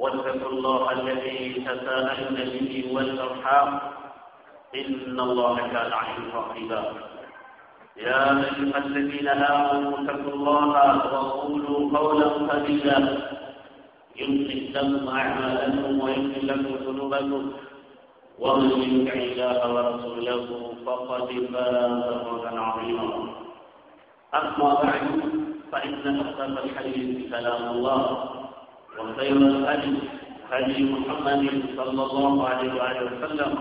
واتقوا الله الذي تساءلون به والارحام ان الله كان عليكم رقيبا يا ايها الذين امنوا اتقوا الله وقولوا قولا سديدا يمسك لكم اعمالكم ويغفر لكم ذنوبكم ومن يطع الله ورسوله فقد فاز فوزا عظيما اما بعد فان اصدق الحديث كلام الله وخير الهدي هدي محمد صلى الله عليه وآله وسلم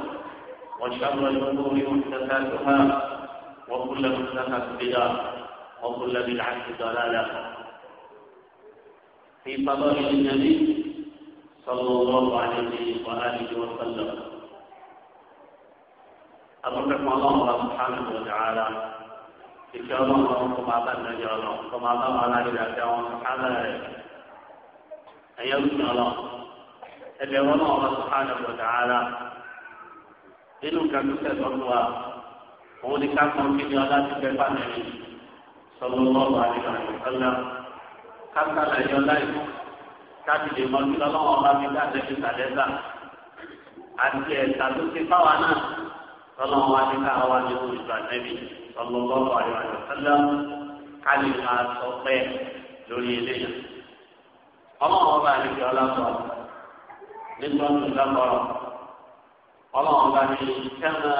وشر الأمور محدثاتها وكل محدثة بدعة وكل بدعة ضلالة في فضائل النبي صلى الله عليه وآله وسلم أبركم الله سبحانه وتعالى إن شاء الله كما الله جعله كما بنا على إلى سبحانه ẹ̀yẹ ń sùn lọ ẹ̀bẹ̀ wọn náà wọ́n sùn àwọn ọ̀dà ara inú kàtúntẹ̀ lọ́dún wa òun ni ká kàn kí ni ọlá ti bẹ bá mi sọlọ lọ́wọ́ àdìgbà ìfẹ́lá ká sàlẹ̀ yọ láì káàdì lè mọ kí lọ́wọ́ bá mi dáadé fi sàlẹ́sà àti ẹ̀ka tó ti fáwa náà sọlọ́wọ́ wa ní káwa ní oṣù àtẹ́bí sọlọ lọ́wọ́ àdìgbà ìfẹ́lá ká lè máa sọ pé lórí eléyìí. ọlọ́run ọba àlejò ọlọ́sọ nígbà tó ọlọ́run ọba ní kẹ́mà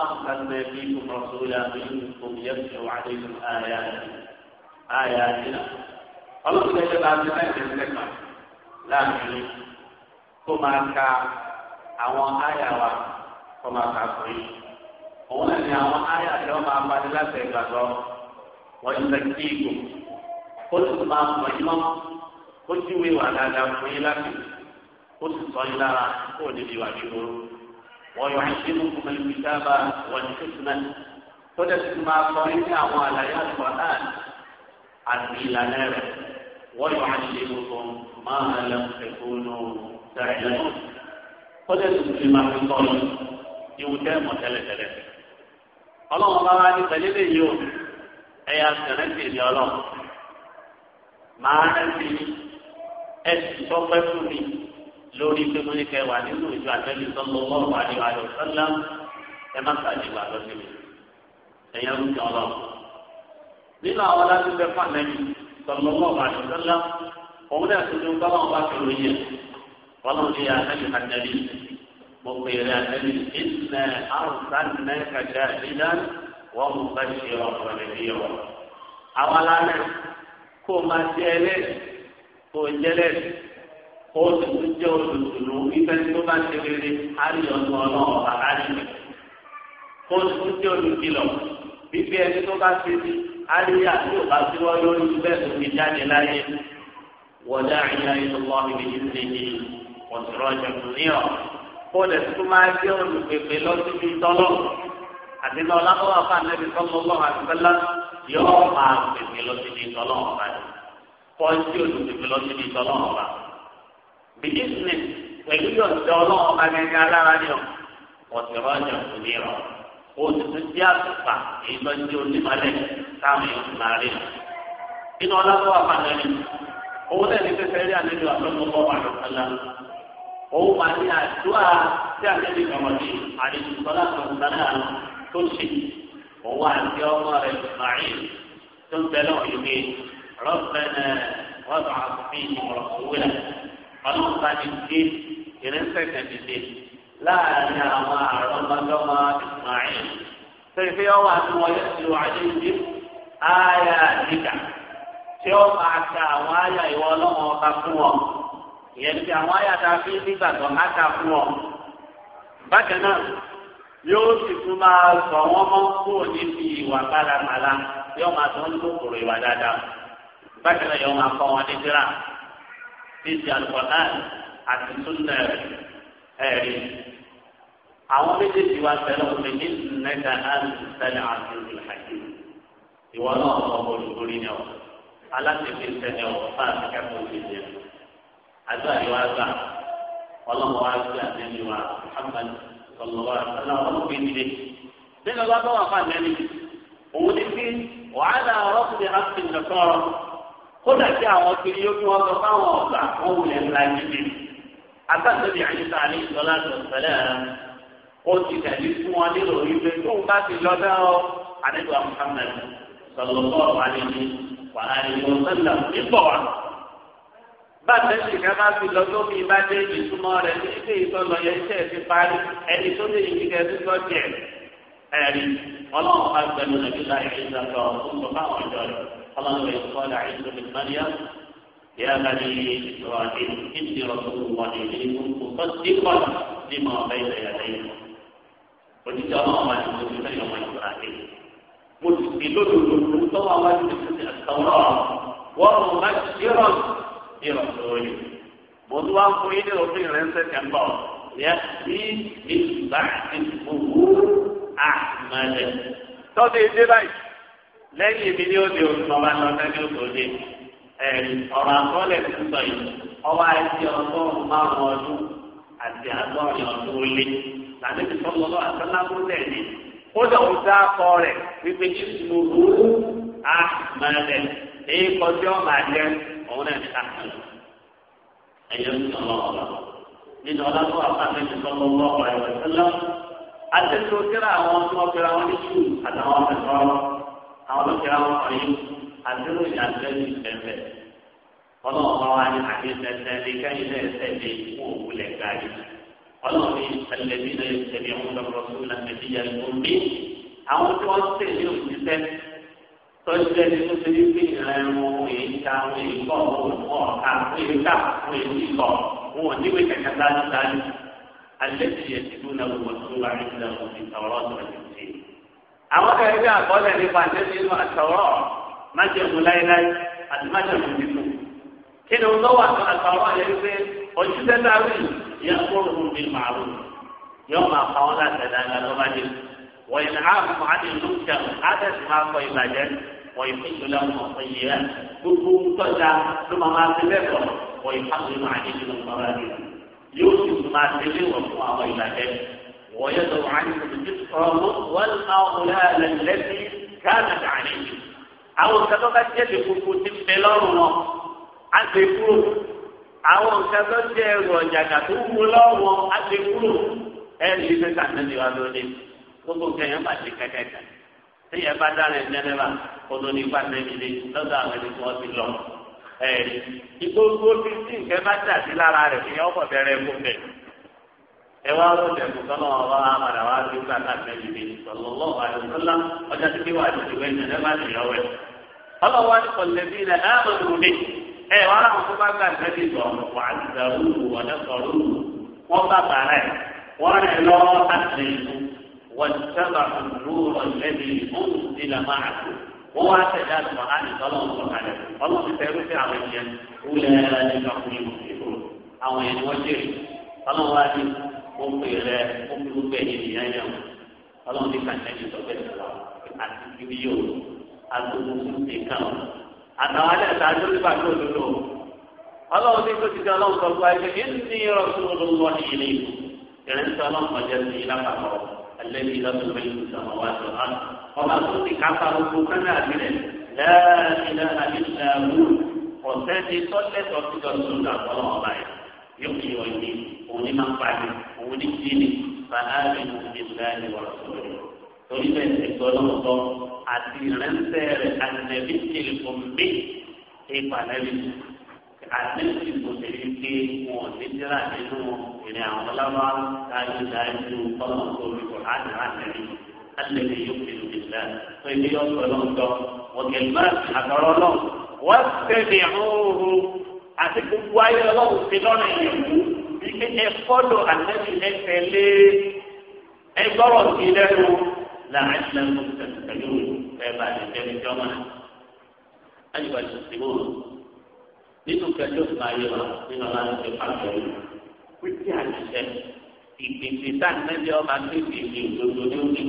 áfùkàtà bí kòmọ̀só yà mí òmìyẹ́sì wà nínú àyà àyà àdínà ọlọ́run tẹ́lẹ̀ bá ti láìpẹ́ sẹ́kà láàrin tó máa ka àwọn àyà wa kó máa ka fún yìí òun náà ni àwọn àyà tí wọ́n máa bani láti wọ́n ti sẹ́kì kó máa mọ̀ mọ́. ó ti wé wà dáadáa fún yín láti ó sì sọ yín lára kó o níbi wà ní ìlú wọn yọ àìsí mú kúmọ ibi dábà wọn ní tuntun náà tó dẹ̀ tuntun máa sọ yín ní àwọn àlàyé àtúwà náà àti ìlànà rẹ̀ wọ́n yọ àìsí mú kún máa ń lọ ẹ̀kọ́ nù tẹ̀lé náà tó dẹ̀ tuntun máa fi sọ yín ìwú tẹ́ mọ̀ tẹ́lẹ̀tẹ́lẹ̀ ọlọ́run bá wá ní pẹ̀lú eléyìí o ẹ̀yà sẹ̀rẹ̀ǹtì ni ọlọ́run máa rẹ̀ sí ẹsùn tọpẹ fún mi lórí pé mo ní kẹ wà nínú ìjọ àtẹlẹ sọlọ lọrọ àdìwà àdìwà sọlá ẹ má sàdìwà lọ sí mi ẹyẹ ń jọ lọ. nínú àwọn aláṣẹ fẹ fún àlẹ mi sọlọ lọrọ àdìwà sọlá òun náà tó ní báwọn bá fi ròyìn ẹ wọlọrun ní àtẹlẹ àtẹlẹ mo pè rẹ àtẹlẹ ìsìnlẹ àrùn kàjá ìdá wọn mú bá ṣe ọ̀rọ̀ rẹ bí ọ. àwọn aláṣẹ kó o máa ṣe ẹlẹ́rìí kó jẹ́lẹ̀ kó o sì tún jẹ́ olùdùnú ìfẹ́ tó bá ti rere àríyànjú ọ̀nà ọ̀bà àríyàn kó o sì tún jẹ́ olùkìlọ̀ bíbí ẹni tó bá ti di àríyàn tí ò bá ti wọ́n lórí bẹ́ẹ̀ tó fi jáde láyé wọ̀dà àríyàn inú lọ́ọ̀mì méjìlél wọ̀sùrọ̀jọ̀ níyọ̀ kó o lè tún máa jẹ́ olùpèpè lọ́sibí tọ́lọ́ àti lọ́ọ́ lábọ́ àfa ànábi sọ́kọ́ àti bẹ́lá yọ̀ọ́ máa pèpè lọ́sibí tọ́lọ́ ọ̀bàdàn pọ́ńtì olùdókè lọ síbi ìtọ́lọ́wọ́ ọba bìdísìnì pẹ̀lú yọ̀ǹda ọlọ́wọ́ ọba gẹ́gẹ́ alára ni ọ ọ̀sẹ̀ rọ́jà òní rọ òtútù bí àtùpà èyí lọ sí onímọ̀lẹ̀ táwọn èèyàn ti máa rí lọ. inú ọlọ́wọ́ àpàtàkì owó náà ní pẹ́pẹ́ rí àlejò àtọ́kọ́ ọ̀pọ̀lọpọ̀lá òun máa ní àdúrà tí àlejò ìgbàmọ̀dé àlejò ìgbàlá tó ń ṣe òun àti ọmọ rẹ̀ ربنا وابعث فيهم رسولا ربنا الدين ينسك لا يا إسماعيل يوم عليهم آياتك ọ a yóò sì tún máa sọ wọn mọ kúrò níbi ìwà yóò máa tó ń ìwà dáadáa. bákan náà yóò máa kọ́ wọn ní síra bí ti àlùkọ́tà àti súnà ẹ̀rí. àwọn méjèèjì wa sẹ́lẹ̀ òfin ní nẹ́ta àti sẹ́lẹ̀ àti ìlàjì. ìwọ náà sọ olùdórí ni ọ aláṣẹ́fẹ́ sẹ́lẹ̀ ọ bá a ti ẹ̀. àdúrà yóò wá gbà ọlọ́mọ wa gbé àtẹ́lẹ̀ wa Muhammad sọlọ́wọ́ àtàlà ọlọ́mọbí nílé. nínú ọlọ́mọ wa fà nẹ́ni òun ní bí wàhálà ọ̀rọ̀ kódà kí àwọn kiri yóò fi wọn sọ fáwọn ọ̀gá wọn wulẹ̀ ńlá níbi agbátẹ̀bí àyíká ní ìjọba sọ̀tẹ̀lẹ̀ ó ti tẹ̀lé fún wọn nílò ìgbé tó ń bá ti lọ́dọ̀ ọ́ àdébà Muhammad sọlọ́tọ̀ àlejò wà á lè lọ sẹ́lẹ̀ nípò wa. bàtẹ́sì ká bá fi lọ tó fi bá dé ìtumọ̀ rẹ̀ ní ilé ìtọ́lọ yẹn iṣẹ́ ti parí ẹni tó lè yí kẹ́ ẹ̀rí ọlọ́run bá gbẹnu nàìjíríà ìṣàkóso قال ويقال عيسى بن مريم يا بني إسرائيل إني رسول الله إليكم مصدقا لما بين يديكم وجدت الله ما يقول يوم إسرائيل مسلم المستوى واجب التوراة ومبشرا برسول مضوان قوين رسول رنسة كنبا يأتي من بعد الظهور أحمد تضيع دي lẹ́yìn ibi ní òde òtún bá lọ sẹ́ni òtòdè ọ̀rọ̀ àkọọ́lẹ̀ ti sọ yìí ọwọ́ àti ọgọ́rùn-ún márùn-ún ọdún àti àgọ́rin ọdún ó lé tàbí ti sọ́kọ́ lọ́wọ́ àtàlámúlẹ̀ ni ó dọ̀wọ́ dá akọ rẹ̀ wípé jésù lóru á máa lẹ̀ èyí kọjú ọmọ àjẹ òun náà ti àkàlù ẹ̀yẹ ń sọ̀rọ̀ ọ̀rọ̀ nínú ọlọ́dún àpàtẹ ti sọ́kọ́ lọ́wọ́ ọ̀rẹ́ wẹ̀ sẹ́lẹ̀ àti tó kẹ́rẹ́ àwọn tó wọ́n kẹ́rẹ́ àwọn oníṣù àtàwọn ọ̀fẹ́ sọ́rọ̀ àwọn olùkẹ́ra wọn kọ yín àdúró ìdádúrẹ́sì pẹ̀pẹ̀ ọlọ́run bá wà ní àdéhùnẹ́sẹ̀ ní kẹ́yìn náà ẹsẹ̀ lé kó òkú lẹ̀ gáyé ọlọ́run ní ẹlẹ́bí náà ẹsẹ̀ ní ọ̀hún lọ́kọ̀ tó lọ ẹbí yẹn ló ń bí àwọn tí wọ́n tẹ̀ ní òṣìṣẹ́ tọ́jú ẹni tó ṣe ní pé ìrìn wọn èyí ta wọn èyí kọ́ wọn ọ̀ka wọn èyí ká wọn èyí kọ́ wọn ò níwèé kẹ̀kẹ́ dání dání alẹ́ ti yẹ ti dúró náà wọ́n tó wà nígbà wọn ti tọ̀rọ̀ ọ̀sẹ̀ àwọn kan ẹgbẹ́ àkọọ́lẹ̀ nípa àtẹ́sí inú àtọ̀rọ̀ májèmú láéláé àti májèmú nínú. kí ni wọ́n wà ní àtọ̀rọ̀ yẹn pé ojúṣe dárí yẹ kóró fún mi màrú yóò máa pa wọn láti ẹ̀dá ẹ̀dá tó bá dé. wọ́n yìí náà fún adìyẹ lóúnjẹ àtẹ̀sí máa kọ ìbàjẹ́ wọ́n yìí fún ìjọba wọn fún yìí rẹ̀ gbogbo tọ́jà ló máa máa ti lẹ́kọ̀ọ́ wọ́n yìí fún ويدعو عنكم الرزق والأغلال التي كانت عليكم àwọn nǹkan tó bá jẹ́ lè koko ti bẹ lọ́rùn wọn á ti kúrò àwọn nǹkan tó jẹ́ ẹrù ọ̀jàgà tó wú lọ́rùn wọn á ti kúrò ẹ̀rì ìfẹ́ sàtẹ́lẹ̀ wa lóde gbogbo nǹkan yẹn bá ti kẹ́kẹ́ kan tí yẹn bá dára ẹ̀ nẹ́nẹ́bà kótó ní ipa nẹ́bìlì lọ́dọ̀ àwọn ẹni tí wọ́n ti lọ ẹ̀rì ìgbógbó tí nǹkan bá dà sí lára rẹ̀ fi yẹn ọkọ̀ bẹ̀rẹ̀ fún bẹ̀rẹ̀ ẹ wá ló dẹ̀kun tọ́lọ́ ọba àmàlà wá sí ìgbà káàkiri bíi sọlọ́lọ́ àdùnsọ́lá ọjà tí kí wà á dùdú wẹ́n nàlẹ́ bá nìyọ wẹ́. ọlọ́wọ́ ni kọ̀lẹ́bí rẹ̀ ẹ̀ mọ̀ ní òde ẹ̀ wá láwọn tó bá gbà sẹ́bí sọ̀rọ̀ wà á dùdà rúù wọ́n sọ̀rọ̀ rúù bá bàrà ẹ̀ rẹ̀ lọ́wọ́ àti wọ́n sábà rúurọ̀ lẹ́bi وهو اعتداد القرآن صلى الله عليه ó pè rẹ ó pè gbogbo ẹ̀yìn ìyẹn yẹn o ọlọ́run ní kàtẹ́ẹ̀lì sọ́gbẹ́ ìṣòro àti ibi yóò agbogbo ṣe kàn àtàwọn alẹ́ ta ló ní bàtú òdodo ọlọ́run ní kòtì kan ọlọ́run sọ́gbà ẹ̀ṣẹ̀ ní ìrọ̀sùn olówó ìlú ìrẹsì ọlọ́run kọjá sí i lápapọ̀ alẹ́bí lọ́sùn mẹ́lì sọ̀rọ̀ wá sọ ọba tó ti kápá gbogbo kánà àbílẹ̀ láàrin àbílẹ̀ àbúrò ti tọ́lẹ̀ tọ́ onídìrí fàáàmì ìlànà ìwàsọ̀rọ̀ torí bẹ́ẹ̀ ti gbọ́ lọ́wọ́ àti ìrẹ́nsẹ̀ rẹ̀ ànẹ́bí tìlì omi ìpànẹ́bí ànẹ́bí òṣèlú pé wọn ò ní dírà nínú ìrìn àwọn ọlọ́wọ́ káyọ̀ dájú ọlọ́wọ́ orí kò láti ànẹ́bí ànẹ́bí yóò fi lù ìlà tó ilé ọ̀sọ̀ lọ́wọ́ ọ̀gẹ̀gbẹ́ àtọ̀rọ̀ lọ́wọ́ wọ́n tẹ̀lé ọ̀hún àti gbogbo ayé ọlọ́wọ́ fi pé ẹ fọ́lọ̀ ànábì ẹ tẹ̀lé ẹ gbọ́rọ̀ sí lẹ́nu làwọn ẹ̀sìn lẹ́nu tẹ̀lé ẹ bá lè tẹ̀lé jọ́mọ́ náà. ayọ̀bá ti sèwò nínú kẹjọ fún ayé wa nínú ọ̀la ti fà lóyún wípé ìpèsè tá ànábì ọba tẹ̀lé ìlú òdodo ní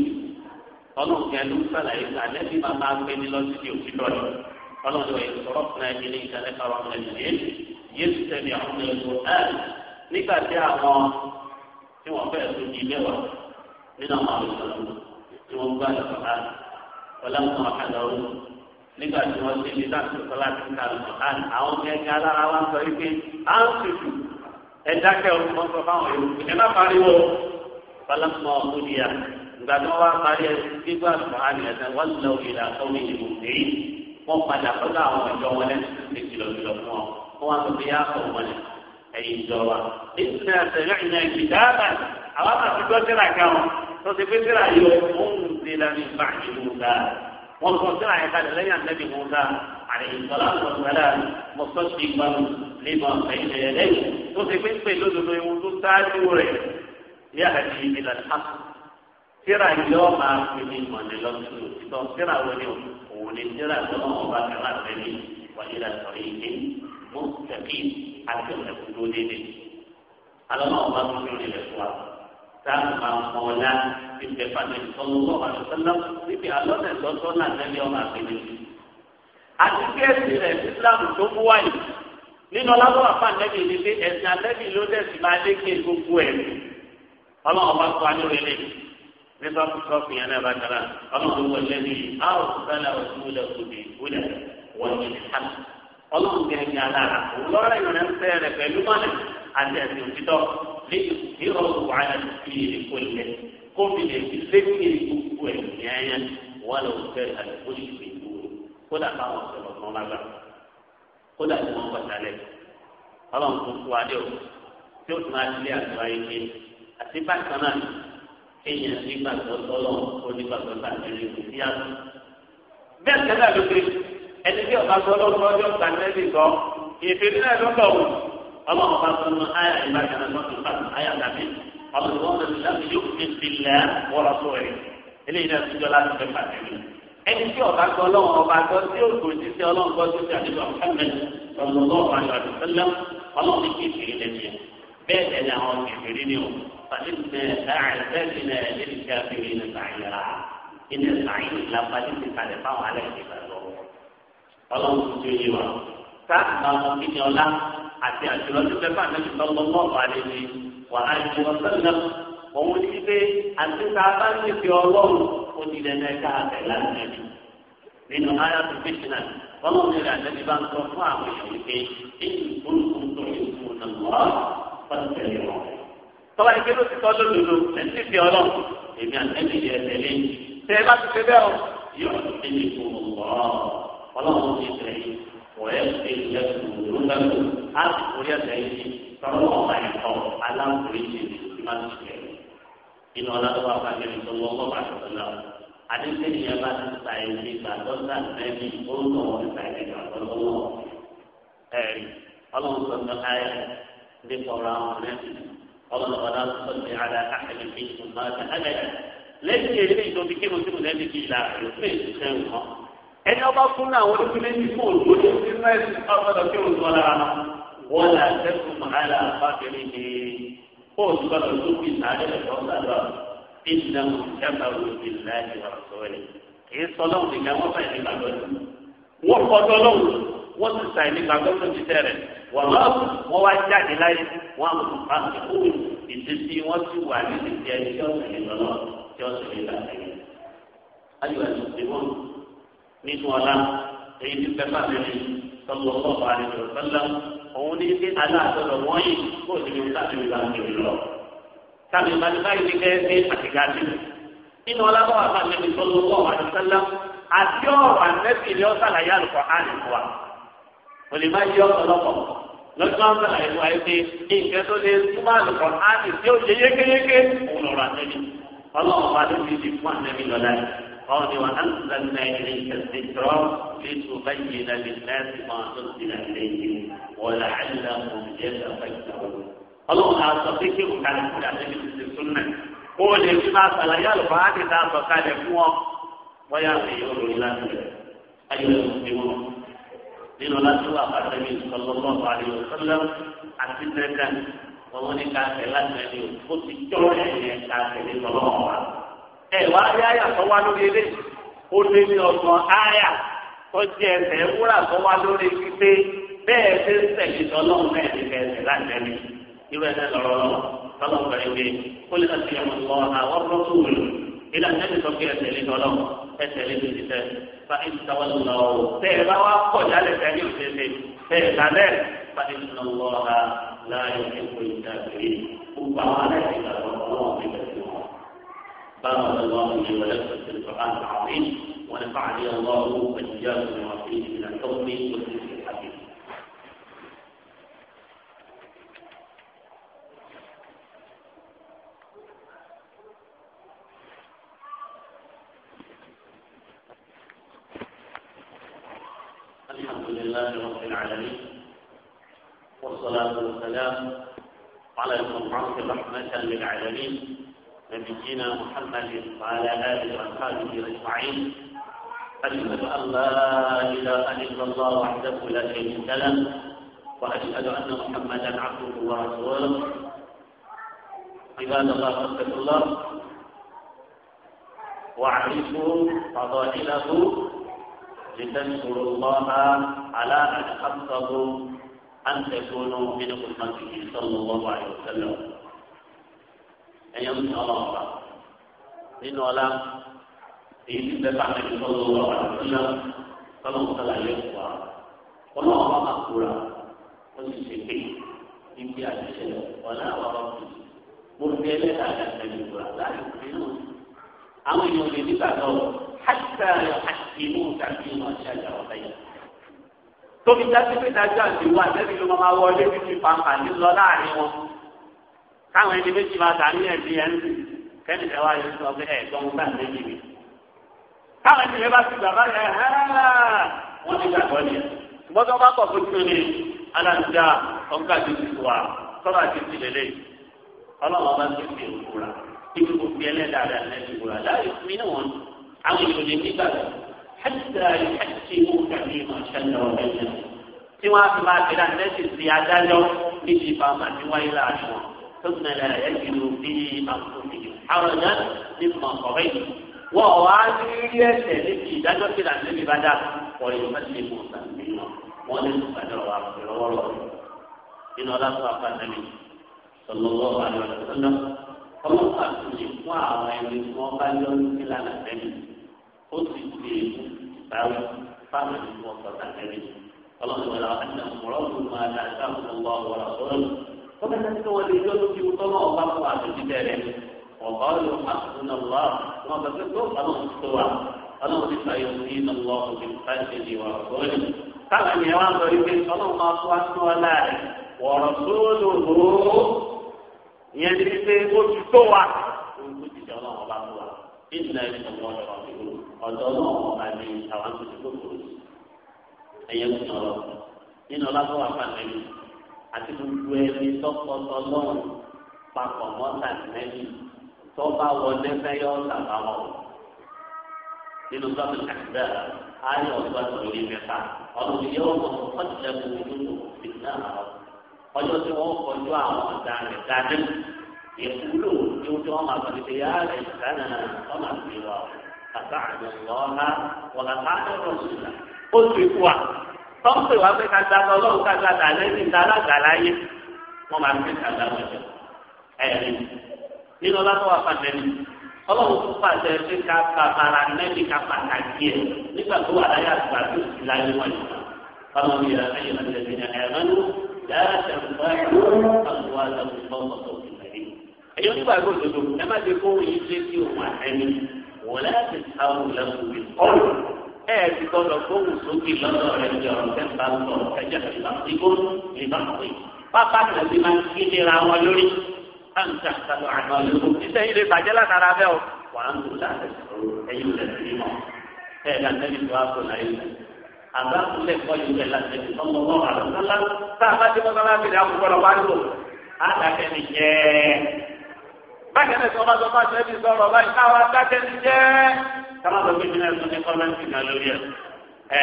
òní ọlọ́run ti ẹnu sàlàyé sọ ànábì máa máa gbé ní lọ́sídìí òfin lọ́dọ̀ ọlọ́run ti wọ̀ nígbà tí àwọn tí wọ́n fẹ́ẹ̀ tó di mẹ́wàá nínú àwọn àlùfáà tí wọ́n gbá ìfọ̀há ọlọ́mọ àkàlọ́wọ́ nígbà tí wọ́n ti di láti sọ láti ká ìfọ̀há àwọn gẹ́gẹ́ alára wa ń sọ wípé à ń tutù ẹ̀dá kẹ́ ọ̀rùn sọ fáwọn èrò ẹ̀ má pariwo ọlọ́mọ òkúdìyà ìgbà tí wọ́n wá parí ẹ gbígbà ìfọ̀há ni ẹ̀sẹ̀ wọ́n lọ ìlà ọ̀rùn ìlú èyí wọ́n padà pẹ̀lú àwọn ọ̀dọ́ wọn lẹ́sìn ẹ̀yìn ìjọba nítorí àtẹ̀lẹ́ ìyẹn ìdáàbà àwọn àti gbọ́ síra kan tó ti pé síra yọ ohun ti la ní ìgbà ìlú ga wọn sọ síra yẹn kalẹ̀ lẹ́yìn àtẹ̀lẹ́ ìlú ga àlèyìnsọ́lá sọ̀tẹ́lá mọ̀tọ́sí gbọ́n lébọn ẹ̀yìn ẹ̀yẹ́dẹ́yìn tó ti pé pé lódodo ewu tó sáájú rẹ̀ yá àti ìlà sáfù síra yọ máa fi ní mọ̀lẹ́ lọ́sọ̀rọ̀ síra wọlé òun ni síra yọ mọ̀tẹ́kì àti ọ̀tẹ̀kùtò lédè. alọ́nà ọba tó fi rìn lẹ̀ fún wa táàbù máa ń mọ ọ̀la ìfẹ́ fàtẹ́lì sọ́nù lọ́wọ́ àlùsọ́lá níbi alọ́nà ìtọ́sọ́ náà tẹ́lẹ̀ ọmọ àgbẹ̀lẹ̀. àti kí ẹ̀sìn rẹ̀ Islam tó mú wáyé nínú ọlọ́wọ́ àfàǹdẹ́bì ni pé ẹ̀sìn àtẹ́bì ló dẹ̀sí máa lé ké gbogbo ẹ̀ ọlọ́wọ́ bá kọ́ anú rẹ̀ nípa kọ́ fìyàn náà bá tẹ̀lé ọlọ́wọ́ wọlé ní àwọn ọ̀sán ọlọ́run ti ẹ̀yìn alára lọ́rọ̀ ìrìn ẹ̀fẹ́ rẹ̀ pẹ̀lú mọ́nà àti ẹ̀sìn òtítọ́ lè ní ọ̀rọ̀ wàhálà ti lè kó lẹ̀ kó fi lè fi lékè gbogbo ẹ̀yìn ẹ̀yẹ wà lọ́wọ́ fẹ́ àdìgbò ìgbè ìgbòho kódà báwọn sọ̀rọ̀ kan lágbà kódà tí wọ́n gbàtà lẹ̀ ọlọ́run tó fún adé o tí ó tún á tilé àgbà yìí àti bákan náà kéèyàn nígbàgbọ́ sọ́lọ́ ẹni tí ọba gbọ́ lọ́wọ́ ọjọ́ gbàtẹ́bí sọ ìfìdí náà ló bọ̀ wù ọmọ ọba sọnù ayà ìbàdàn náà lọ́sùn pàtó ayà dàbí ọmọ ìwọ ọmọ ìlànà yóò fi sílẹ̀ wọ́rọ̀ sọ rẹ̀ eléyìí náà ti jọ láti fẹ́ pàtẹ́bí ẹni tí ọba gbọ́ lọ́wọ́ ọba gbọ́ tí ó kò sí sí ọlọ́run gbọ́ tó ti àdébọ̀ ọ̀hún ẹ̀mẹ́ ọlọ́run ọba ìlànà ọlọ́run tó yé wa ká máa mọ kí ni ọlá àti àtìlọ́sí pẹ́pà náà ti lọ́gbọ́n mọ́ ọ̀bàlẹ̀ ni wà á ti wọ́n sẹ́lẹ̀ òun ti pé àtúntà bá ń ọlọ́run ó di lẹ́nu ẹ̀ka àbẹ̀ láti ẹ̀dù nínú ayé àti fíṣìnà ọlọ́run rẹ̀ àtẹ́bí bá ń sọ fún àwọn èèyàn wípé èyí olùkún tó yẹ kó nà lọ́ pàtẹ́lẹ̀ wọn. tọ́wá ní ti fẹ́ bẹ́ẹ̀ o ọlọ́run ti tẹ̀ yín wọ̀nyẹ́ ti yẹ kúrú lẹ́nu á ti kúrú ẹ̀sẹ̀ yìí tọ́lọ́ ọ̀la ẹ̀kọ́ aláǹkóyè ti ti máa ti tẹ̀ inú ọlọ́dọ́wọ́ akadẹ́mi tó wọ́n kọ́ bàtà ọ̀la àdéhùn ìyẹn bá ti ta ìwé gbàgbọ́ sáà mẹ́rin ó ń tọ̀ wọ́n ta ìwé gbàgbọ́ lọ́wọ́ ẹ̀rí ọlọ́run sọ ní ayé nípa ọ̀rọ̀ àwọn mẹ́rin ọlọ́run ọ̀dà tó fi kí ẹni ọba fún náà wọ́n tún lé ní fóònù tó ní sínú ẹ̀sìn ọgbọ́dọ̀ kí òun sọ́ra wọn là sẹ́kùn màálà fáfẹ́rẹ́ ní fóònù gbọ́dọ̀ tó fi sáré ẹ̀kọ́ sábà ìdílé wọn kẹfà òbí láti wà sọ́ọ̀lẹ̀ èyí sọlọ́wọ́ nìkan wọ́n fà nípa lọ́dún wọ́n kọ́ sọlọ́wọ́ wọ́n ti sàì nípa lọ́dún ti tẹ̀rẹ̀ wọ́n wọ́n wá jáde láyé wọ́n mú pa nínú ọlá èyí tí pẹpẹ àtẹlẹ sọlọ sọlọ àlejò sọlọ òun ní pé aláàtọlọ wọn yìí kó o ti ní sábẹ ìlú àti ìlú lọ sábẹ ìbáni báyìí ní kẹsẹ àtìgá sí nínú ọlá bá wà sábẹ ìlú sọlọ sọlọ àlejò sọlọ àti ọ̀rọ̀ àtẹsí ni ó sàlàyé àlùkò àlùkò wa kò lè má yí ọ̀pọ̀lọpọ̀ lọ́jọ́ ń bẹ̀rẹ̀ ẹgbẹ́ nǹkan tó قال وأنزلنا إليك الذكرى لتبين للناس ما نزل إليهم ولعلهم يتفكرون ọlọ́run náà sọ pé kí òkàlẹ̀ fún ìdájọ́ ní ti súnmẹ̀ kó o lè fi máa ṣàlàyé àlùfáà á ti dáa sọ̀kalẹ̀ fún ọ bóyá mi yóò lórí láti rẹ̀ ayé ló ń bí wọn. nínú láti wà pàṣẹ mi sọlọ́lọ́ àríwá sọlọ́ àti tẹ́tẹ́ wọn ní ká láti rẹ̀ ní o ti jọ́ ẹ̀yẹ ká tẹ̀lé sọlọ́wọ́ wa ẹ wá rí àyà tó wá lórí ilé ó lé ní ọgbọ̀n àyà tó jẹ ẹsẹ̀ wúrà tó wá lórí pípé bẹ́ẹ̀ ṣe ń tẹ̀lé tọ́lọ́run náà ní kẹsẹ̀ láti ẹni irú ẹsẹ̀ lọ́rọ́ lọ́wọ́ tọ́lọ́run bẹ̀rẹ̀ pé ó lè ti ẹ̀mọ̀ lọ àwọn tó wù lù ilé àtẹ́lẹ̀ tó kí ẹsẹ̀ lé بارك الله لي ولكم في القرآن العظيم ونفعني الله وإياكم بما من الحكم والذكر الحكيم. الحمد لله رب العالمين والصلاة والسلام على المبعوث رحمة للعالمين نبينا محمد وعلى آله وأصحابه أجمعين أشهد أن لا إله إلا الله وحده لا شريك له وأشهد أن محمدا عبده ورسوله عباد الله اتقوا الله واعرفوا فضائله لتشكروا الله على أن حفظه أن تكونوا من أمته صلى الله عليه وسلم ẹ̀yọ́ ní ọlọ́run ọba nínú ọlá èyí ti bẹ́ẹ̀ bá mẹ́rin tó lọ́wọ́ ọba nílá tọ́lọ́mù tọ́lá yẹ kó wa ọlọ́run ọba máa kúra ó sì ṣe pé níbi àṣìṣe ọ̀la àwọn ọ̀bì mo fi ẹlẹ́dàá àgbàgbà yìí kúra láàyè òkè náà àwọn èèyàn lè nígbà tó hàtà àti mú tàbí wọn ṣàjà ọ̀la yìí tóbi dájú pé dájú àti wà lẹ́bi ló máa wọlé fífi pàǹpà nílọ láàrin wọn káwọn ẹni méjì máa tà ní ẹbí ẹni kẹ́ni ẹ wá yẹn sọ pé ẹ gbọ́n gbà méjì mi. káwọn ẹni yẹn bá ti bàbá yẹn hẹ́ẹ́ wọ́n ti gbàgbọ́ ni. ṣùgbọ́n tó bá kọ̀ fún mi ni aláǹdá ọ̀gá ti ti wà tọ́lá ti ti lélẹ̀ ọlọ́run bá ti fi òkú ra ibi kò fi ẹlẹ́dàá rẹ̀ lẹ́yìn ìwúra láì mí náà wọn àwọn èèyàn lè nígbà rẹ̀ hẹ́tà ìhẹ́tì mú kàbí ìmọ̀ṣẹ́ lọ lẹ́yìn tí wọ́n á fi máa tẹ̀lé àtẹ́sì sí adájọ́ níbi ìbámu àti wáyé láàrin wọn. ثم لا يجدوا في أنفسهم حرجا مما قضيت وأوعدني يسألني إذا كنت النبي بدا ويسلموا تسليما ولن بدر وأغفر والله إن الله صلى النبي صلى الله عليه وسلم ọmọ pàtúnyẹ fún àwọn ẹni tí wọn bá yọ ní lànà tẹmí ó sì lè mú ìbáwí fáwọn ẹni tí wọn sọ tàbí ẹni ọlọ́run wọn làwọn ẹni tí wọn rọ́ọ̀mù máa dá sáwọn ọmọ wọn lọ́wọ́ tó bá tẹ́tí wọn lè yọ lójú tọ́lọ́ ọba fún àtúntì bẹ̀rẹ̀ ọba yóò àtúntò lọ wọn bẹ fẹ́ tó ọlọ́run tó wà ọlọ́run ti sọ yóò ní ìnáwó ọkùnrin láti ṣe ìwà ọ̀gbọ́n táwọn ènìyàn wá ń sọ wípé ọlọ́run máa tó aṣọ láàrin wọ̀rọ̀ tó lòlò ìyẹn ti pé ojú tó wà ojú ti jẹ ọlọ́run ọba tó wà ìdílé ìṣòwò ní àwọn tó àti gbogbo ẹni tọkọtọ lọ́rùn papọ̀ mọ́tà lẹ́yìn tọ́ba wọlé fẹ́yọ́ tàbá wọn. nínú sọ́ọ̀tù kàdúrà ayọ̀ ọ̀gbọ́n lórí mẹ́ta ọdún yóò mọ̀ ọ̀tẹ̀lẹ̀kùn nínú ìdílé àwọn ọjọ́ tí wọ́n kọjú àwọn ọ̀daràn dáadé ìkúlò ní ojú ọmọ àgbàlẹ̀ yá rẹ̀ dáná ọmọ àgbèwà àtàwọn ọ̀hán wọ̀lá tọ́ǹpì wá pé ká gba ọlọ́run ká gba tàlẹ́sì ká lágbà láyé wọ́n máa ń fi kàdá lọ́jọ́ ẹ̀rí nínú ọlọ́run wà pàṣẹ ni ọlọ́run tó pàṣẹ pé ká bàbára nẹ́ẹ̀mí ká pàtàkì ẹ̀ nígbà tó wà láyé àgbà tó sì láyé wọ́n yìí báwọn mi yàrá ayé máa tẹ̀lé ní ẹ̀rọ yàrá tẹ̀lé ẹ̀yọ́ nígbà tó dodo ẹ má ti kó oyin ṣe kí òun àtẹ́ni wọ́n láti sáwọn lẹ́kùn ẹ ẹ ti gbọ́dọ̀ gbóhùn sókè lọ́dọ̀ rẹ ní ọ̀rọ̀ kẹta lọ ẹjẹ ìgbà tí kò ìgbà pé pápá tẹ̀lé máa ń kí nira wọn lórí àǹtí àtàlù àná lóko iṣẹ́ ilé bàjẹ́ látara bẹ́ ọ wà á ń lò láti ẹ̀yìn rẹ̀ sí mọ́ ẹ̀ ẹ̀ lànà ìlú àpò láyé àbá kulẹ̀ kọ́ yìí rẹ̀ láti jẹ́ sábà tó gbé sílẹ̀ tó ní kọ́mẹ́ntì náà lórí ẹ̀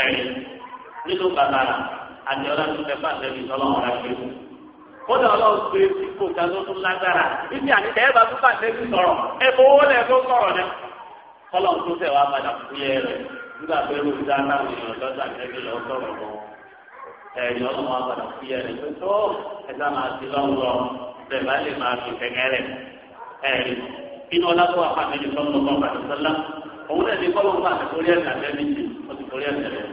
ẹ̀rí nínú bàbá àti ọlọ́run fẹ́ fà sẹ́bi ọlọ́run rẹ̀ fi. kódà ọlọ́run gbé ipò ìdájọ́ tó lágbára ibi àtẹ ẹ̀ bá tó fà sẹ́bi sọ̀rọ̀ ẹ̀ fowó lẹ̀ tó sọ̀rọ̀ náà kọ́lọ́run tó tẹ̀ wá padà fúyẹ́ rẹ̀ nígbà pé ló dá láwọn èèyàn lọ́sà ẹ̀rí lọ sọ̀rọ̀ lọ ẹ̀rí ọlọ́run wá padà fúyẹ́ rẹ̀ tó tó wà òun náà ní kọ́lọ́ nípa àtẹ̀kórí ẹ̀sẹ̀ àtẹ̀ méjì ó ti kórí ẹ̀sẹ̀ rẹ̀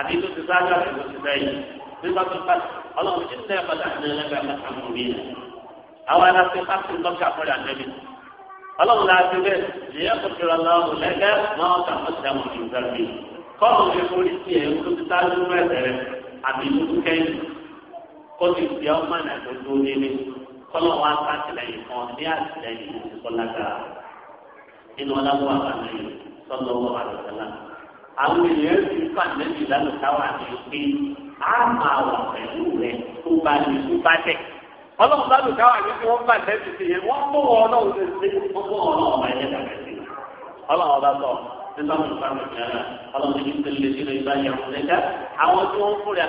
àti tó ti sáájú àti tó ti sẹ́yìn nípa tó bá ọlọ́run ti tẹ́ ẹ̀fọ́ láti ní ẹlẹ́gbẹ̀ẹ́ àti àwọn mi àwọn aláṣẹ pàṣẹ lọ́kẹ́ àkọ́rẹ́ àtẹ̀mí ọlọ́run la ti bẹ́ẹ̀ lè yẹ kòtìrọ̀ lọ́rùn lẹ́gẹ́ máa ń tàbí ọ̀sẹ̀ àwọn ìgbà ti sáájú ti kẹ́yìn kó ti fi náà tó dúró nílé kọ́lọ́ wa ń sátìlẹ́yìn kan ní àtìlẹ́yìn ìṣẹ́kọ́lágbára nínú ọlọ́wọ́ àbálẹ̀ sọ́lọ́wọ́ àlùfẹ́lá. àwọn èèyàn ti fà nẹ́bí lánàá táwọn àti pé a máa wà pẹ̀lú rẹ tó bá lè tó bá tẹ̀. ọlọ́run lánàá táwọn àti pé wọ́n fà nẹ́bí ti yẹ wọ́n mú wọn ọlọ́run tó ṣe wọ́n mú wọn ọlọ́run máa yẹ dàgbẹ́ sí. ọlọ́run ọba sọ nígbà tó fà mí jẹ́ra ọlọ́run ti ń tẹ̀lé nínú ìgbà yẹn wọn àwọn tí wọ́n fúnra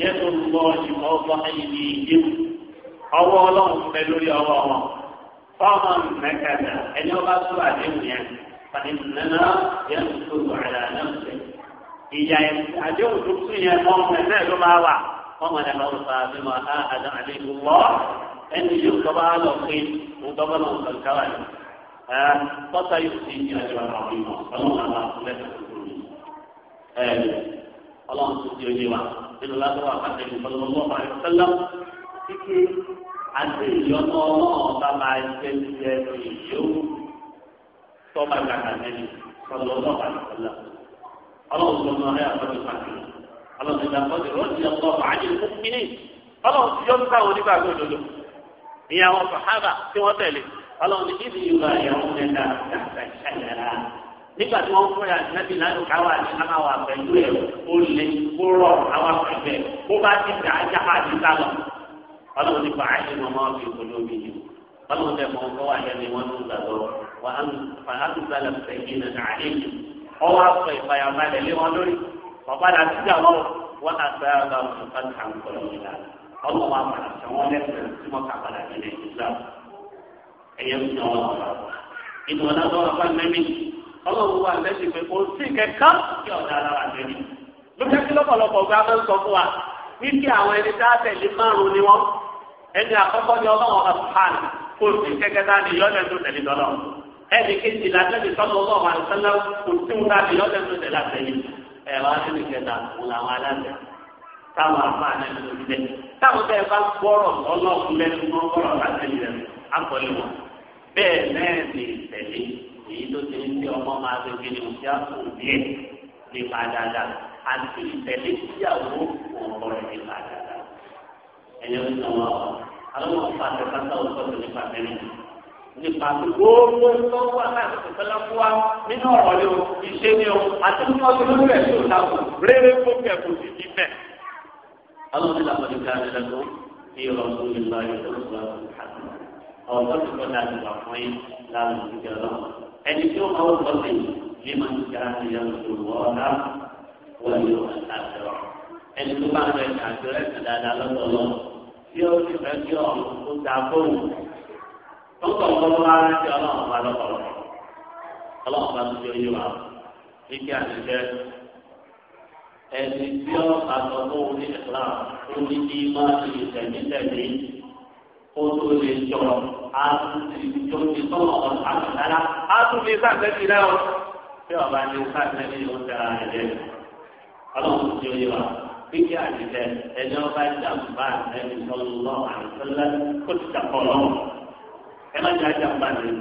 yẹ́nu lọ ìmọ̀ ọba ìní ìdí ọwọ́ ọlọ́run bẹ lórí ọwọ́ wọn fáwọn mẹ́kàdà ẹni ọba tó àdéhùn yẹn pàdéhùn nínú yẹn tó wàhálà náà ṣe ìyá àdéhùn tó tún yẹn mọ́ ọmọ ẹ̀ ló máa wà ọmọ ẹ̀ lọ́wọ́ fà mí mọ́ àdán àdéhùn wọ́ ẹni yóò tọ́ bá lọ pé mo tọ́ bá lọ sọ̀rọ̀ káwá ni tọ́ta yóò ti ní àjọ àwọn ìmọ̀ ọlọ́run àbá ọlọ́run tó ti oye wa nínú lásán àpàtẹ ìfọdún ọmọ ọmọ ìfọdún kíkí àti ìyọnà ọlọ́run bá máa ṣe ṣe ìyówù tọ́ba gàgà nẹ́ni sọ̀rọ̀ ọlọ́run bá ìfọdún ọlọ́run tó náà ẹ̀ àtọ́jú nígbà tí wọ́n fún yà nẹ́bí lánàá káwá ní amáwá pẹ̀lú ẹ̀ ó lè kó rọ̀ àwọn pẹ̀lú kó bá ti dà á jáfa ní sálọ. ọlọ́run nípa àyè mọ́mọ́ fi olómi yìí ọlọ́run tẹ̀ mọ́ ọkọ wà lẹ́nu wọn ló gbà lọ wà á tún sálẹ̀ fẹ̀yìn nà àlẹ́ yìí ọwọ́ àpọ̀ ìfàyàbalẹ̀ lé wọn lórí ọ̀padà síjà wọn wọn àṣà àgbà òṣùpá kàǹkọ̀ọ́ ìlà ọlọ́wọ́ àpàlà sẹ́wọ́n lẹ́sẹ̀ tí wọ́n kàpàlà nílẹ̀ ìgbà ẹ̀yẹ́ fún ọlọ́wọ́ àpàlà ìdùnnà lọ́wọ́ ọlọ́run wà lẹ́sìn pé kò sí kẹ̀kẹ́ kí ọ̀dà ara wà lẹ́yìn. lókè sí lọ́pọ̀lọpọ̀ gba máa ń sọ fún wa wípé àwọn ẹni tá a tẹ̀lé márùn-ún ni wọ́n ẹni àkọ́kọ́ ni ọlọ́run ọba sùpàn kò sí kẹ̀kẹ́ tá a lè yọ lẹ́nu tẹ̀lé lọ́lọ́ ẹni kejì làtẹ́lẹ̀ sọ́dọ̀ ọlọ́run àtẹ́lẹ̀ kò sí wọn tá a lè yọ lẹ́nu tẹ̀lé àtẹ̀yìn ẹ̀rọ alẹ́nu kẹta èyí tó ti ń tí ọmọ máa ṣe kí ni mo ti á kò díẹ̀ nípa dáadáa àti ìtẹ̀lé síyàwó òǹkọ̀ rẹ̀ nípa dáadáa. ẹ̀yẹ́ ń sọ wọn alọ́mọ pàṣẹ pátá òǹkọ̀ tó nípa tẹ́lẹ̀ nípa gbogbo tó wà láti ìfẹ́lẹ́ fún wa nínú ọ̀rọ̀ ni o ìṣe ni o àti nínú ọdún lórí ẹ̀ tó ta kù rere gbogbo ẹ̀ kò sì ní bẹ̀. alọ́mọ ìlànà ìgbà rẹ̀ lọ́wọ́ bí ọ̀rọ̀ ìlú ìlú ayé tó ń sọ àwọn ọ̀sán tó kọjá ìgbà fún yín láàrin ìgbà náà ẹni tí ó máa ń lọ sí ní máa ń ká ní ẹnìtò wọ́ọ́dá wọlé àtàkùrọ̀ ẹni tó bá ń lọ ẹ̀ka àti rẹ̀sì dáadáa lọ́tọ̀ọ̀lọ́ tí ó ti fẹ́ kí ọ̀run tó ta fóun tó kọ̀ ọ́ wá rántí ọlọ́run bá lọ́kọ̀ọ̀lọ́ ọlọ́run bá tún yóò yé wa ní kí àtijọ́ ẹni tí ó àtọ̀ fóun ní ìlà ó ní kí má ti tẹ̀mí tẹ̀mí ó tó lè jọ àtúntì tọ́lọ̀ ọ̀rọ̀ àtàlá àtúntì sáàtẹ́bí náà tí ọba ní sáàtẹ́bí ló ń tẹ̀ra rẹ̀ lẹ́nu ọlọ́run tí ó yẹ wa fíjì àtìtẹ ẹni ọba jàmbá ẹni tọ́lọ́ àtúntẹ́lẹ́ kó ti dàpọ̀ lọ́wọ́ ẹ má jẹ́ àjàmbá rẹ̀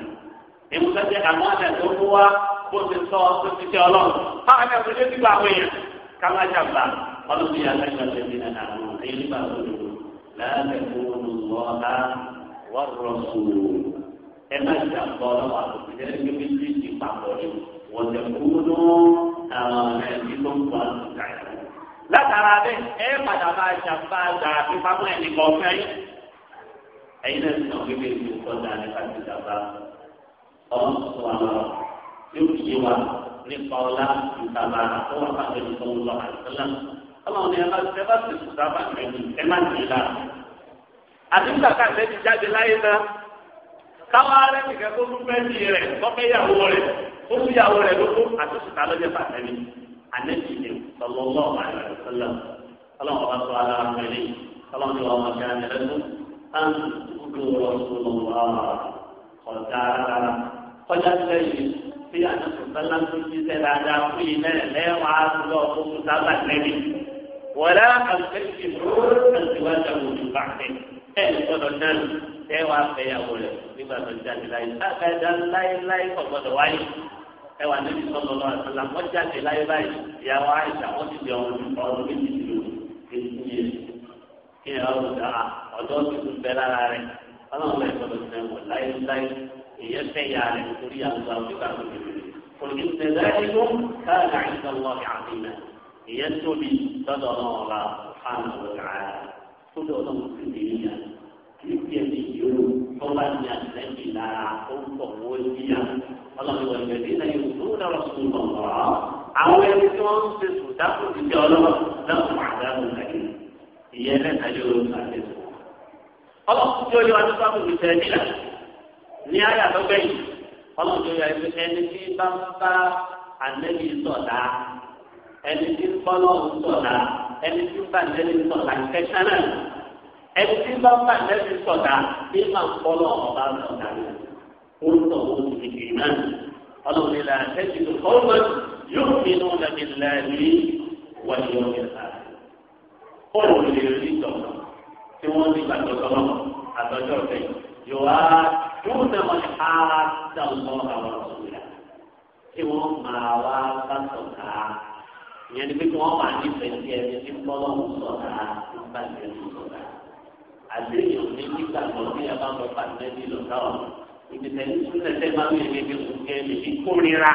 ìmúsẹ́jẹ́ àwọn àtẹ̀tẹ̀ ó wá bó ti sọ tó ti tẹ ọlọ́run báwọn ẹ̀rọ ló ti gba àwọn èèyàn ká má jàmbá ọlọ́run yà wọ́n rọ sùúrù ẹ má ṣe àgbọ̀ ọlọ́wọ́ àtòkù jẹ́ ní bí ti ti papọ̀ ní wọ́n tẹ̀ kúrú àwọn ẹ̀mí tó ń bọ̀ àtúntà ẹ̀. látara bẹ́ẹ̀ ẹ padà máa ṣàǹfà àgbà àfipamọ́ ẹ̀mí kọ̀ọ̀kan yìí. ẹ̀yin náà ti sọ pé bí àti nígbà tá àtẹ́bí jáde láyé náà káwá rẹ̀ nìkan tó tún fẹ́ bí rẹ̀ lọ́fẹ́ ìyàwó rẹ̀ ó fún ìyàwó rẹ̀ lóko àti sùtà lọ́jọ́ pàtẹ́bí ànẹ́bí ni sallallahu alaihi wasallam ọlọ́run bá sọ alára pẹ̀lẹ́ ọlọ́run ni wọ́n máa kí á ní ẹlẹ́dún kọjá lẹ́yìn tí àtúntàlá tó ti sẹ́ dáadáa fún yìí náà lẹ́wàá lọ fún sábà lẹ́yìn wọ́n rẹ́ àti ẹ̀sìn ló ń tẹ̀síwájú ẹnì gbọ́dọ̀ dánù tẹ wàá fẹyàwó rẹ nígbà tó jáde láyé lákàdá láéláé kò gbọ́dọ̀ wáyé ẹ wà níbi sọlọ lọ àtàlà wọn jáde láyé báyìí ìyàwó àìsàn wọn ti di ọrùn ọrùn méjì lò kéjì yé kí ẹ ọrùn dá ọjọ́ tuntun bẹ lára rẹ Ọlọ́run bẹ gbọ́dọ̀ tẹ wọ láéláé ìyẹn fẹyà rẹ nítorí àgbà òdìgbà tó kéde kòlì tẹlẹ ẹgbẹ káàdà ìsọlọ ìyẹn tóbi lọ́dọ̀ Ọlọ́run ọba fáànù ọgá tó lọ lọ́wọ́ sí lè yíyá kí tiẹ̀ ní ìyóró tó bá ní àtìlẹ́yìn lára ó ń bọ̀ wọ́n yíyá ọlọ́run wọ̀ ìgbẹ́ nílẹ̀ yóò tó lọ́wọ́ sí ọ̀rọ̀ àwọn ẹni tí wọ́n ń ṣe sùn dákùn ti jẹ́ ọlọ́wọ́ lọ́wọ́ àdáhùn láyé ìyẹn lẹ́ta yóò lọ́wọ́ àti sùn. ọlọ́run tó yọ ọdún sábà kò tẹ̀ nílẹ̀ ní àyà tó gbẹ̀yìn ọlọ́run tó yọ ẹni tí bá ń bá ẹni tí ń bá nẹ́bí sọ̀tà kẹta náà ẹni tí ń bá bá nẹ́bí sọ̀tà bí máa fọ́lọ́ ọba sọ̀tà orúkọ òun ti kì í náà ọlọ́run ilà ẹ̀sìn tó kọ́ọ̀mọ́ yóò fi inú nàbí lẹ́ẹ̀mí wọ́n ti yọ̀ kẹta. Kọ́ọ̀rọ̀ lè rí sọ̀tà tí wọ́n ti gbàgbọ́ sọ́lọ́ àtọ́jọ́ rẹ̀ yóò wá yóò tẹ̀wọ́ ní àádọ́gbọ́n àwọn ọ̀sùn rẹ̀ tí wọ́n máa wá bá sọ̀tà ìyẹn ni pé kí wọ́n ní ìfẹsí ẹni tí kọlọ ń sọdá nípa ìfẹsí sọdá àti èèyàn ní nígbà tó ní ẹbá lọ bá nẹbi lọ dáwọn ìdìbò ẹni tó tẹsẹ̀ bá wí ẹni bí kò kẹ ẹni bí kórira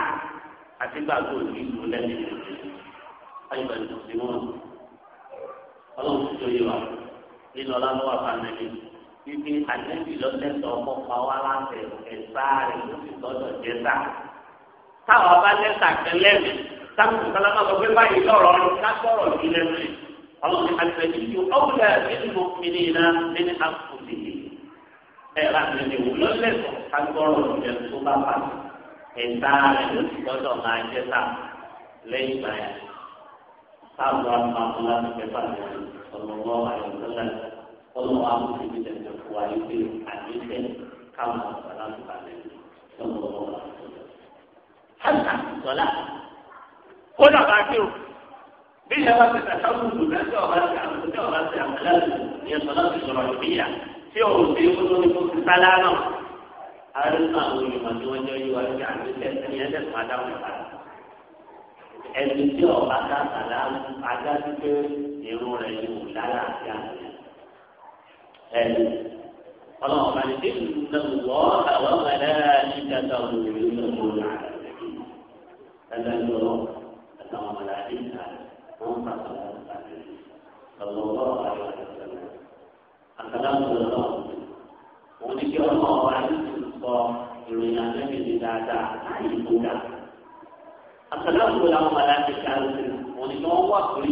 àti gbà tó ní ìlú lẹni ayé bá tó ti wọn Ọlọ́run tó yẹ wa nínú ọlọ́run wà bá nẹbi bíbí ànẹbi lọ tẹsẹ pa wá láti ẹsà rẹ ló jẹta táwọn bá lẹsà kẹlẹbi sáàmù sálámà sọ pé báyìí lọ́rọ̀ lásọ̀rọ̀ sí lẹ́nu rẹ̀ àwọn àgbẹ̀jì yóò ọ̀wúlẹ̀ nínú mímí iná nínú àkùnrin yìí ẹ̀ láti lè wò lọ́lẹ́sọ̀ kágbọ́rọ̀ ìjẹ tó bá bá ẹ̀ta rẹ̀ ló ti gbọ́dọ̀ máa jẹ́ tà lẹ́yìn ìgbà yẹn sáàmù àmàmù láti fẹ́ bá lẹ́yìn ọ̀lọ́wọ́ àyọ̀tọ́lá ọlọ́wọ́ àmúṣe kódà bá kí o bí ìyá bá ti tàkà wùdù lẹ́sẹ̀ ọ̀bá ti àmọ̀tẹ́ ọ̀bá ti àmọ̀lá ní ẹ̀sọ́ láti sọ̀rọ̀ ìbíyà tí o ti kó tó ní kó ti sálá náà arúgbó àwọn olùmọ̀ tí wọ́n jẹ́ yíwá ní àdúgbò ẹ̀sìn yẹn lẹ́sùn adáwọn ìpa ẹni tí ọba ká sàlá adájú pé irun rẹ̀ yóò lára àti àmì ẹni ní dé ìlú náà wọ́ àwọn ọmọ àwọn mọ̀láyé ìta wọ́n ń pàṣẹ láti pàṣẹ lọ́wọ́ àwọn àyọ̀sẹ̀lẹ̀. Àkàlámù lọ́wọ́ òun ní kí ọmọ ọba yìí sọ ìròyìn àtẹ́bí ní dáadáa láì ìgbóga. Àkàlámù làwọn mọ̀láyé ìta òun ní kí wọ́n wà pẹ̀lú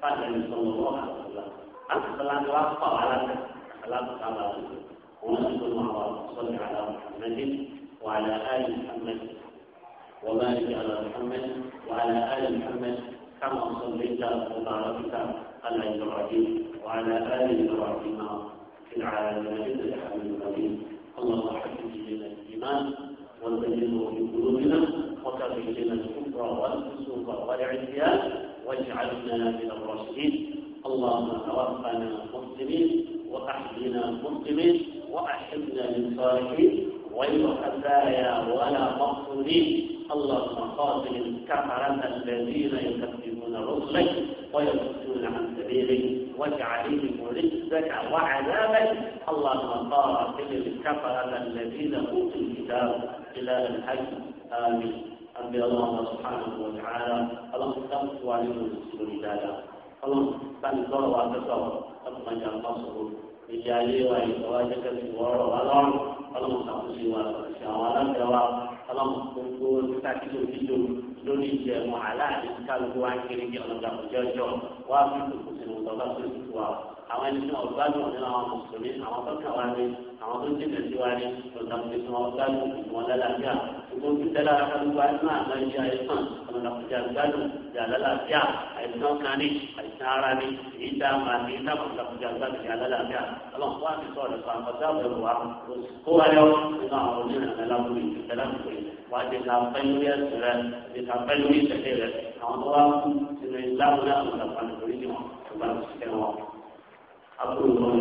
pàṣẹ lọ́wọ́ àyọ̀sẹ̀lẹ̀. Àkàlámù wa pàwọ́ aláṣẹ وبارك على محمد وعلى آل محمد كما صليت وباركت على إبراهيم وعلى آل إبراهيم في العالمين إنك حميد مجيد اللهم حبب لنا الإيمان وزينه في قلوبنا وكفر لنا الكفر والفسوق والعصيان واجعلنا من الراشدين اللهم توفنا مسلمين وأحينا مسلمين وأحبنا للصالحين غير ولا مقصودين اللهم قاتل الكفرة الذين يكذبون رسلك ويصدون عن سبيلك واجعلهم رزقك وعذابك اللهم قاتل الكفرة الذين اوتوا الكتاب خلال الحج آمين أنبي الله سبحانه وتعالى اللهم تقوى لهم السجود اللهم بل ضروا وتصوروا ثم ينتصروا ìyá ayé wa ìgbà wa jẹ́ kẹ́sì wọ́ọ́rọ̀ wa lọ́rùn ọlọ́run ṣàkóso wa ṣe àwọn aláǹfẹ́ wa ọlọ́run gbogbo níta kílò kílò lórí ìjẹ mọ aláàdé kálukú wa ń kiri ní ọlọ́dà òjọ́jọ́ wa fi kòkòsì ní ọ̀dọ́ tó ti wà àwọn ẹni tí gbádùn nínú àwọn mùsùlùmí àwọn tó kà wá ní àwọn tó jìnnà sí wa ní ọ̀sán tó sọ wọn gbádùn ìwọ̀n lálàáfíà gbogbo tó tẹ́lá kálukú àìsàn àmọ́ ìṣe àìsàn ọ̀nà làkújà gbádùn ìjà lálàáfíà àìsàn kan ní àìsàn ara ní èyí tá a máa ní ìdáàbò làkújà gbádùn ìjà lálàáfíà ọlọ́run wá sí sọ̀rọ̀ sọ àwọn ọ̀sán àbẹ̀wò wa kó wa lọ nínú àwọn onírànà lábúrò ìtẹ̀lá wà á ti ka pẹ́ lórí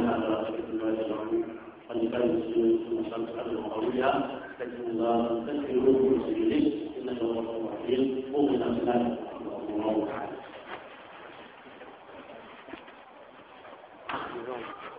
ẹ̀sìn فلبن شمس أبي معاوية لكن الله تكفي روح سبيله إنه هو الرحيم ومن أمثال الله تعالى